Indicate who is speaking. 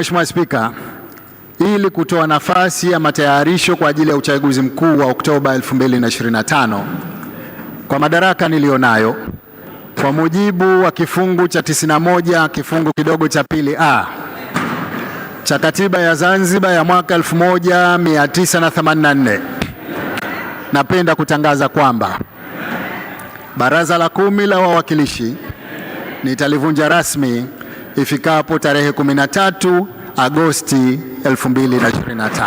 Speaker 1: Mheshimiwa Spika, ili kutoa nafasi ya matayarisho kwa ajili ya uchaguzi mkuu wa Oktoba 2025 kwa madaraka niliyonayo kwa mujibu wa kifungu cha 91 kifungu kidogo cha pili a cha katiba ya Zanzibar ya mwaka 1984 napenda kutangaza kwamba Baraza la Kumi la Wawakilishi nitalivunja rasmi ifikapo tarehe 13 Agosti 2025.